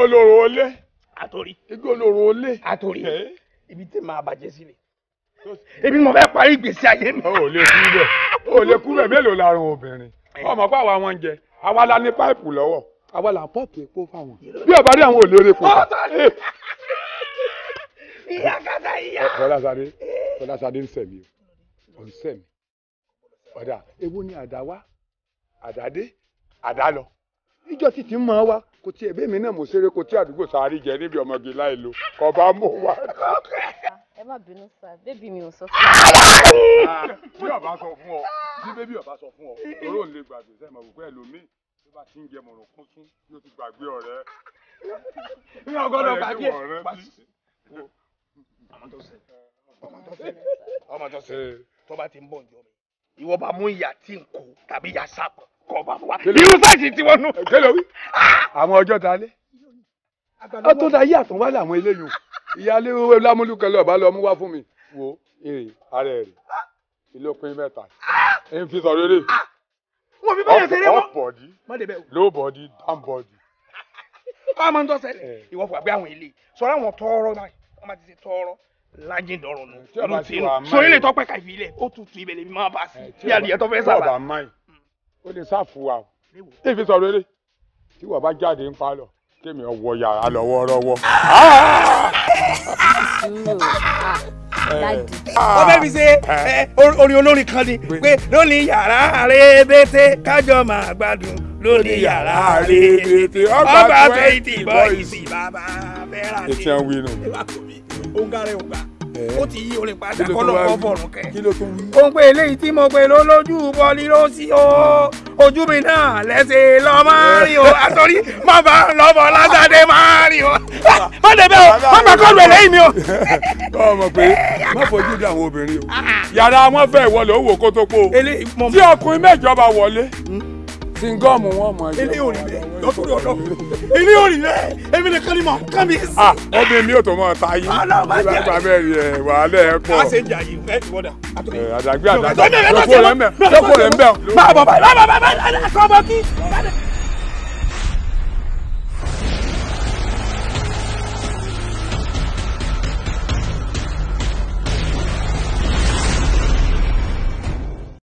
olóró olé. àtòrí. igbó olóró olé. àtòrí. ibi tí màá bàjẹ́ sí ni. èmi mo fẹ́ parí ìgbésí ayé mi. o lè kú bẹ́ẹ̀ o lè kú bẹ́ẹ̀ mélòó la ràn obìnrin ọmọ kó àwa wọn jẹ àwa la ní páìpù lọ́wọ́ àwa là ń pọ́ọ̀pù epo fáwọn bí ọba rí àwọn olóore kù. ìyá kata ìyá. ọlásàdé ọlásàdé ń sẹ̀mí o ò ń sẹ̀mí ọ̀dà ewu ni àdá wá àdá dé àdá lọ ìjọ sì ti mọ̀ wá kò tiẹ̀ bẹ́ẹ̀ mi náà mo ṣeré kò tí àdúgbò sáré jẹ níbi ọmọge láì lo kò bá mú wa. ẹ má bínú sá bébí mi ò sọ fún ọ. bí ọba sọ fún ọ bí bébí ọba sọ fún ọ lóró lè gbàgbé sẹ́yìn mọ̀ wípé ẹlòmíì tó bá ti ń jẹ mọ̀rọ̀ kún tún yóò ti gbàgbé ọ̀rẹ́. mi ò gbọ́dọ̀ gbàgbé ẹ̀ ọmọ tó ṣe tó bá ti ń bọ̀ ǹjọ́ mi ìwọ bá mú ìyá tí n kò tàbí ìyá sápọ̀ kọ̀ bá fún wa irú sáìtì tí wọ́n nù. Ah! àwọn ọjọ́ ta lé ó tó ta yí àtúnwá làwọn eléyìí ìyáálé lámúlùkẹ́ lọ́ọ̀ bá lọ́ọ́ mú wá fún mi wo ìrìn ara ẹ̀rìn ìlópin mẹ́ta ń fi sọ̀rọ̀ eré ah! wọn fi bẹ́ẹ̀ ṣeré wọn. bọ́ọ̀dì low bọ́ọ̀dì down bọ́ọ̀dì. ọmọ ń tọ́sẹ̀lẹ̀ eh. ìwọ fún abẹ́ àwọn ilé sọ̀rọ̀ àwọn tọ́ọ̀rọ̀ báyìí wọ́n máa ti ṣe tọ́ọ̀rọ̀ lájẹ̀ dọ̀rọ̀ nù. sórí eh, lè tọ́pẹ́ kàìfì ilẹ̀ ó tutù ibẹ̀ lèmi máa bá sí eh, bí adìyẹ tó fẹ́ sábà ó lè sáàfù wa o èyí sọ̀rọ̀ eré tí wọ́n bá jáde ń palọ̀ kémi ọwọ́ yàrá lọ́wọ́ rọ́wọ́. ó ah! mi eh. ah. ṣe eh. Eh, orin olórin kan ni pé lóní yàrá rébété kájọ máa gbádùn lóní yàrá rébété ọba fẹ́ ìdìbọn ìsìn bàbá bẹ́ẹ̀ rà ní. ìtàn wí ó ń gárẹ́ ògbà ó ti yí olè padà kọ́lọ́ kọ́ bọ̀rù kẹ́. òun pé eléyìí tí mo pe ló lójú bọ́ọ̀lì ló sí o ojú mi náà lẹ́sẹ̀ lọ máa rìn o àtọ́rí má bá lọ́bọ̀ lásàdé máa rìn o má débẹ̀ o má bá kọ́lù ẹlẹ́yìn mi o. ọ mọ̀ pé má fojú di àwọn obìnrin o yàrá wọn fẹ́ wọlé ó wò kó tó pọ̀ o tí ọkùnrin mẹ́jọ bá wọlé. Hmm? singọ́ọ̀mù wọn mọ̀ ẹ́. ilé òrì rẹ̀ lọ́tọ́rọ̀ ọ̀dọ́ ilé òrì rẹ̀ èmi nìkan ni mà ń kàn mí. ọbẹ̀ mi ò tó mọ̀ ta yín nígbà mẹ́rin ẹ̀ wàhálà ẹ̀ pọ̀. a ṣe jà yìí ẹ ìwọ́dà. àdàgbé àdàgbé lọ́kọ̀ rẹ̀ ń bẹ̀. bàbá bàbá bàbá bàbá kọ́ bọ́ kí.